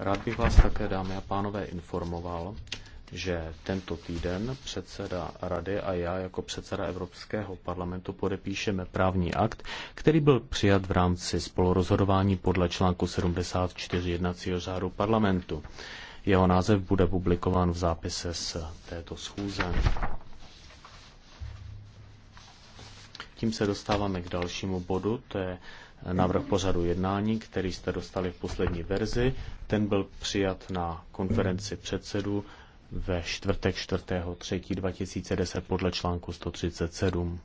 Rád bych vás také, dámy a pánové, informoval, že tento týden předseda Rady a já jako předseda Evropského parlamentu podepíšeme právní akt, který byl přijat v rámci spolurozhodování podle článku 74 jednacího řádu parlamentu. Jeho název bude publikován v zápise z této schůze. Tím se dostáváme k dalšímu bodu, to je návrh pořadu jednání, který jste dostali v poslední verzi. Ten byl přijat na konferenci předsedů ve čtvrtek 4.3.2010 podle článku 137.